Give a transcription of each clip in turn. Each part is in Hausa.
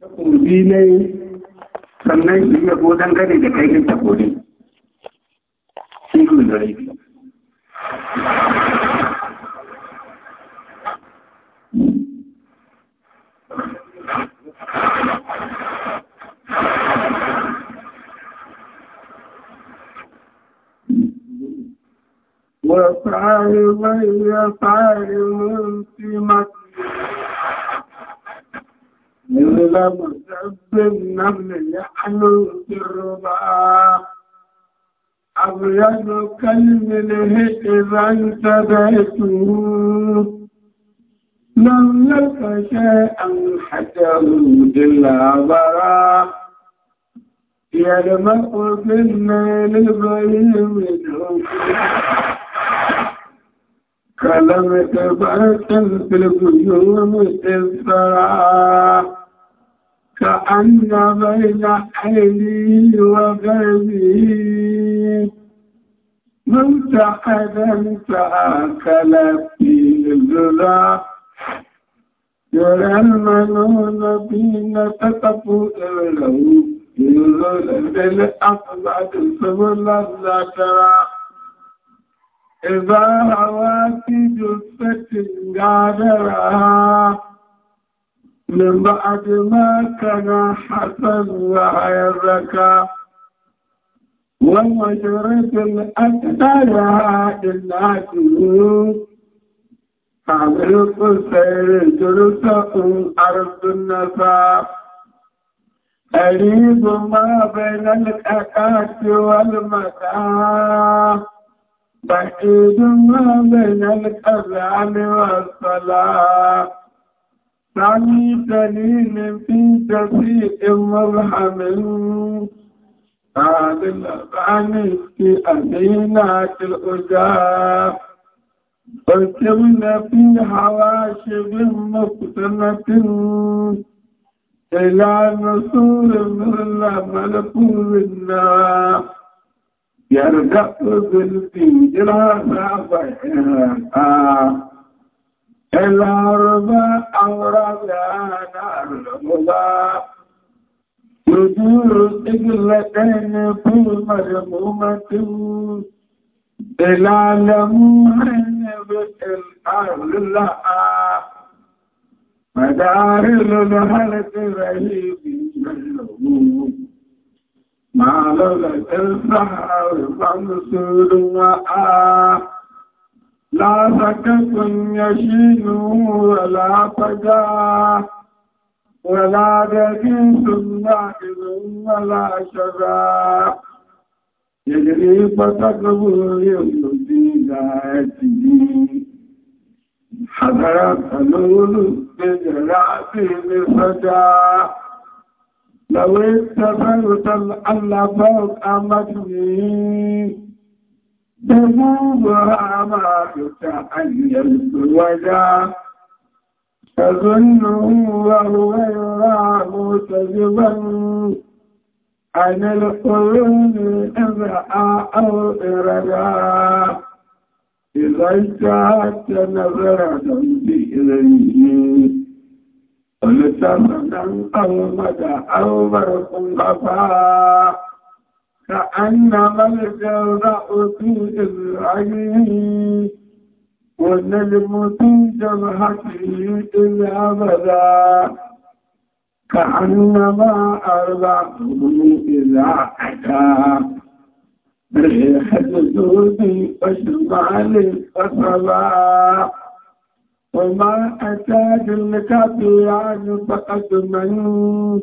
ƙungi ne sannan shi ya ko dangane da kaifin takoli shi ku da rai وافعل من يفعل منكر لم تبنا من يحلو الربا أبيض كالمله إذا انتبهته لم لك شيئا حتى مدلا برا يلمق في الليل منهم كلمة بركة في القيوم إذ كأن بين حيلي وغيبي ملتحدا تأكل في الذلا يرى المنون بين تتفوء له يذل بالأقبض سبل الذكرى إذا هواتي جثة غادرها من بعد ما كان حسن غيرك ومجرد الأكثرها إلا جنود فاغلق السير جلسة أرض النساء أريد ما بين الأكاس والمتاع بعيد ما بين الأذان والصلاة عن دليل في تفريق مرحم بعد الأبعان في أثينة الأجاب فكرنا في حواشب مقسمة إلى نصور مهلا ملكو النار يرجع بالفيل لا الأرض أورثنا الهدى يدور إجلتين في مرمومة العالم من بالأرض لها مدار الهلك رهيب اللوم ما لولا الصحر فانصر معاه La sakatun ya shi nuhu wa la taga, wa la daji sun ba irin wala shaga. Yadda yi fata yin lobi da ya ciki, hadara kanuru da jara fi nisa da. Lawai ta sanuta Allah ba a matuwi. دموعها ما تتحلل الوداع تظنه وهو يراه كذبا عن القرون إذا أو إردا إذا انتهت نظرة بإذنه قلت مدى أو مدى أو برق غفاء كأنما الجرأ في العين والنجم في جبهته إذ أبدا كأنما أربعه إذا أتى بريحة زودي وشمال فصلا وما أتى لك في عن فقد منك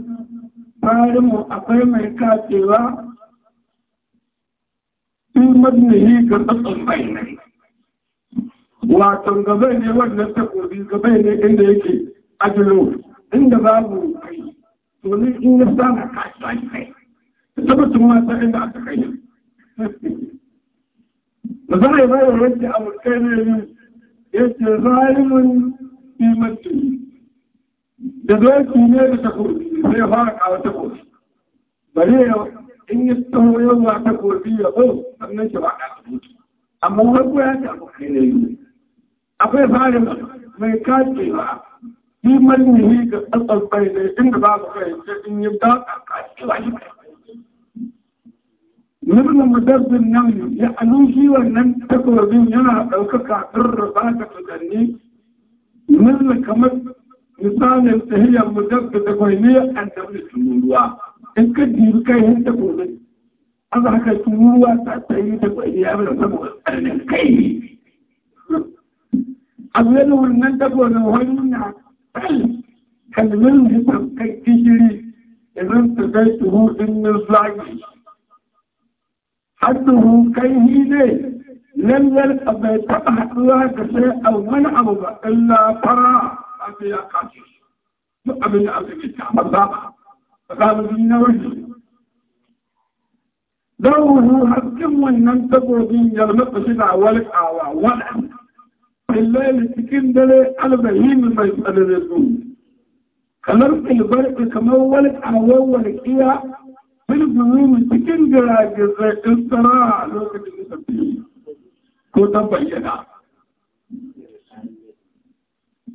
bayanmu akwai mai kacewa in madnihi ga tsatson bayanai wato gabai ne wannan takobi gabai ne inda yake ajilo inda babu kai domin in ya sana kacewa kai tabbatin mata inda aka kai da za a yi bayan wanke amurkai ne yake zalimin imanci da zai ne da takobi zai fara kawo takwas bare in yi tsawo yawa takwas ya zo sannan shi ba a rubutu amma wani ya ta abokai ne yi akwai farin mai kacewa yi malmihi ga tsatsar bai ne inda ba su kai sai in yi daga kacewa shi Nirnin mudabbin nan ya alushi wannan takwabin yana ɗaukaka ɗin rufa da tukanni, nirnin kamar إنسان هي مجرد تقويمية أن تبلغ الموضوع إن كدير كي هن تقويمية أضح كتموة تأتي تقويمية أبدا تقويمية أبدا كي أبدا أبدا تقويمية وهي منع بل كان من هتم كي تجري إذن تبيته إن نزلعي حده كي هيني لن يلقى بيتبه الله كشيء أو منعه إلا فراه har sai ya kashe shi duk abin da aka yi ta maza a galibin na wani ضروه هزم وإنن تقودين يغلق شدع ولك أعوى ولعن الليل تكين دلي البهيم ما يسأل الرسول كلرق البرق كما ولك أعوى ولك إياه في الظلوم تكين دلي الصراع لوك النسبية كتب بينا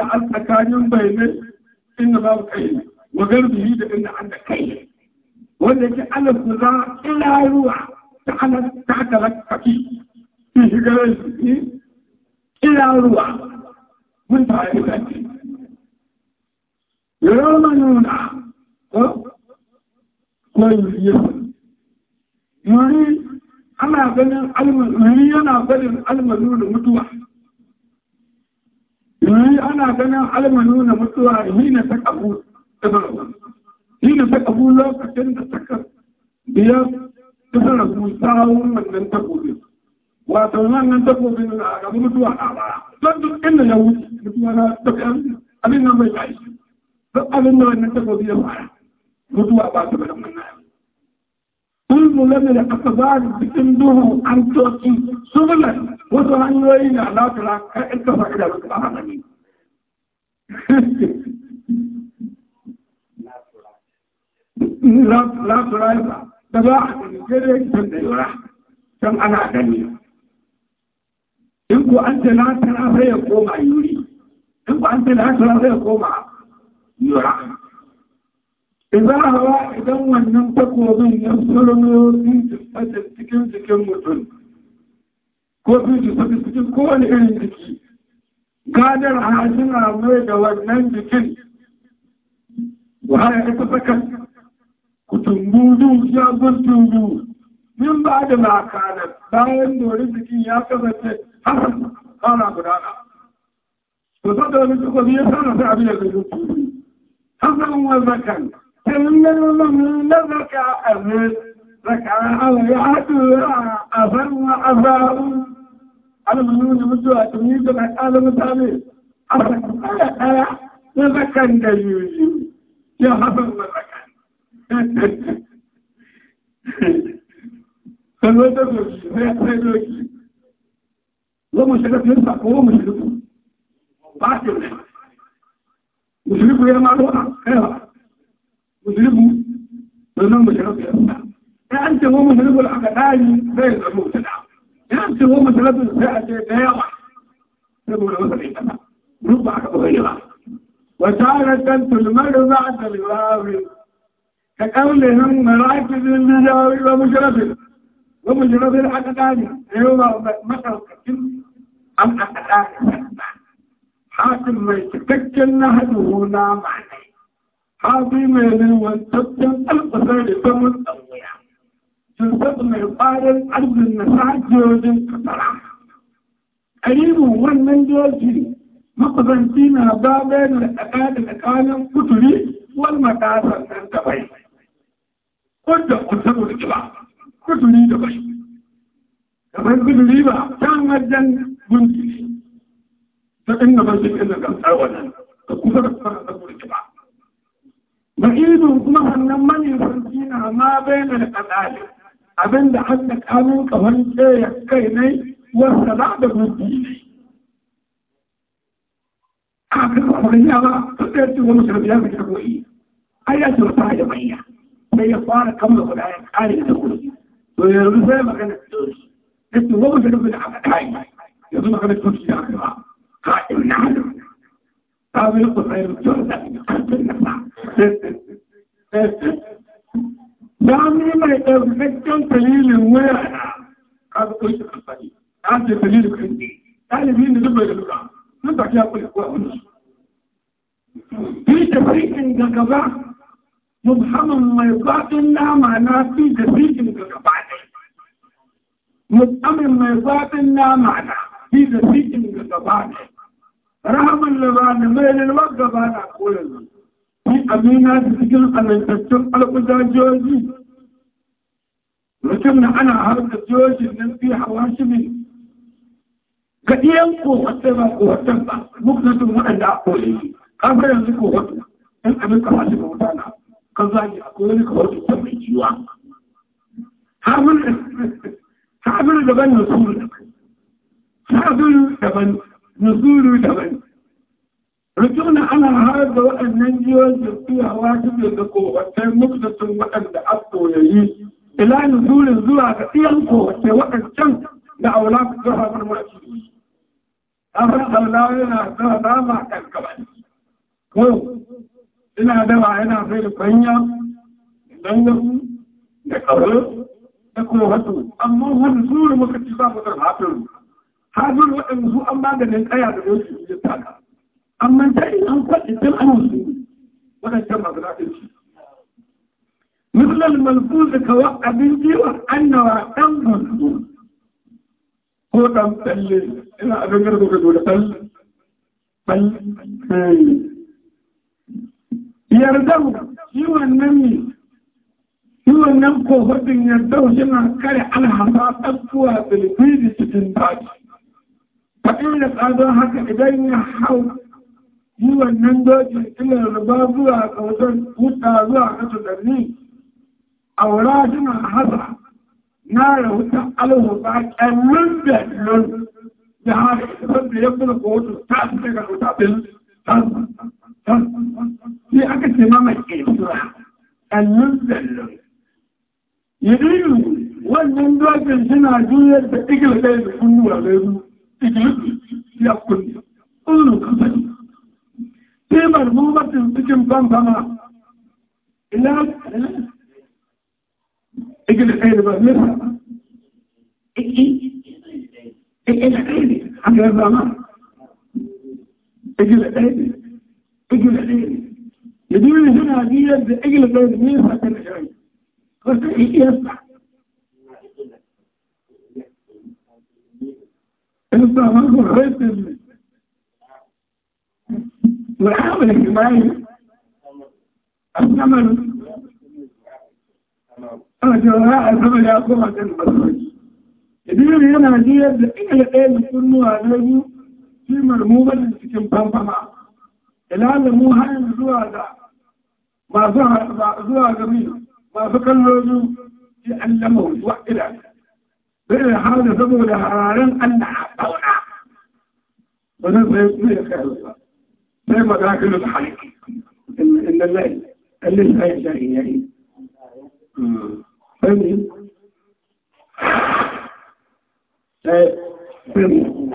da an tsakanin bayanai inda babu kai wa garbihi da inda an da kai wanda yake alif za ila ruwa ta alif ta talakaki fi shigarar shi ila ruwa mun ta yi zaki yaran manuna ko yi yuri ana ganin almanuni yana ganin almanuni mutuwa ana ganin almanu na mutuwa hina ta kabu ibrahim hina ta kabu lokacin da suka biya kusa da su sawun wannan takobin wato wannan takobin na ga mutuwa a baya don duk inda ya wuce mutuwa na tafiya abin nan bai tashi duk abin da wannan takobi ya fara mutuwa ba ta bada manna kulmu lamin da aka ba cikin duhu an toki sulan wasu hanyoyi na latura kai in ka faɗi da ka hana ne latura ya ba da ba a gani sai da yura can ana gani in ku an ta latura sai ya koma yuri in ku an ta latura sai ya koma yura idan hawa idan wannan takobin ya sulmo cikin cikin mutum ko biyu ji su cikin kowane irin jiki gadar hashina mai da wannan jikin wahaya ta sakan ku tumbudu ya gun tumbu min ba da makanar bayan dori jikin ya kasance har hana gudana to sai da wani suka biya sana sai abin da zai zuci hasan wa zakan sai na zaka a zai zaka a ya haɗu a san wa azarun ana nuna musu a tuni da na kala mutane a kala kala na zakan da yuzu ya hafa na zakan kan wata doki ya sai doki zo mu shiga fiye sa ko mu shiga ba shi ne musulmi ya ma ruwa kaiwa musulmi sannan mu shiga fiye sa ya an ce mu musulmi al'akadari zai zama musulmi هم ثلاثة ساعة سيارة سبوا العذر ربع غيرة وتارة المرضى بالغاوي كقولهم مراكز النجاوي ومشرف ومشرف الحقداني يوم مثل كتن أم حقداني حاكم ما يتكتل نهده لا معنى حاضي ما يلوان تبتن القصر فمن tuntuɓi mai ƙwarin arzikin na sajojin kasara. Ƙaribin wannan doki makusanci na babayar da tsaka da tsakanin kuturi wal matasan nan da bai. Kudda kusa da kiba, kuturi da bai. Kamar kuturi ba, can wajen gunki. Ta inda ba shi inda kan tsarwanan, da kusa da kusa da kiba. Ba'idun kuma hannun manyan sanci na ma bayan da tsakanin abin da an da kanun kafan ya kai ne wasa za da gudu ne a kan kwarin yawa ta tsaye ce wani shirya mai shagoyi a ya ce wata da manya sai ya fara kammala guda ya kare da gudu to yanzu sai magana tsori ya ce wani shirya da aka kai yanzu magana tsori da aka ba ka ina da ta zai kusa yin tsori da aka kai don mai ɗaukakakken dalilin waya na kaga ko shi amfani ta ce dalilin kan ne ɗalibi da zubai da lura nan ba ya kula kuwa wani fi tafiyin ga gaba mubhamin mai zafin nama na fi tafiyin ga gaba mubhamin mai zafin nama na fi tafiyin ga gaba rahaman labana mai lalwar gaba na koyar fi amina da cikin amintattun alƙudajoji mutum na ana harka jojin nan fi hawa shi ne ga iyan kohotai ba kohotan ba muknatun waɗanda a koyi kamar yanzu kohotu in abin ka hasi bauta na kan zagi a koyi ka hotu ta mai jiwa sabir daban nasuru daban sabir daban nasuru daban rukuna ana har da waɗannan jiyoyin da fi hawa shi ne ga kohotai muknatun waɗanda a koyi ila nuzurin zuwa ga iyanku wacce waɗancan da aula ku zuwa marmarci afin aula yana zuwa dama ƙarƙabar ko ina da ba yana sai da kwanya dangasu da ƙarar da ko hatu amma wani zuwa muka ci ba mu zama hafin hafin waɗanda su an ba da maganin tsaya da yau su yi taka amma ta yi an kwaɗi tun an wasu waɗancan masu lafiya مثل الملفوظ كوا أبن جيوة أنا دم ملفوظ هو دم تل إلا أبن جردو كدولة تل تل يردو جيوة نمي جيوة النمكو هدن يردو شنا كاري على حفاظ أبقوا بالفيد باج فإن لك أدوها حكا إبين حول شيوة النمدوج إلا ربابوها كوزن وطا زوها كتو درني أولادنا هذا نار وتقلوا فأكمل بأكمل جهاز السبب يبدو قوة تاسدك وتابل في أكس إمام الإسراء أنم بأكمل يريدوا ومن ذلك الجنة جيد بإقل غير كنوا غير إقل يقل قلوا كفل في مرمومة تجم بان فما إلا اجل خير بأمرها اجي اجل خير حاجة بأمرها اجل خير اجل خير يدور هنا دي اجل خير منها تنشعي بس ايه يسمع يسمع ما خير والعامل الجماعي الثمن أجراء الحمل أقوى الخروج إذن هنا هي الدقيقة الآن بتكون عليه في مرمومة للسكن بابا الآن مو هاي الزوادة ما زوادة مين ما فكروا يعلمه يوحده بين حال سبب الحرارين أن عطونا ونزل يسمي خير زي ما داخل الحليق إن الله اللي شيء شيء يعني فاهمني؟ طيب فاهمني؟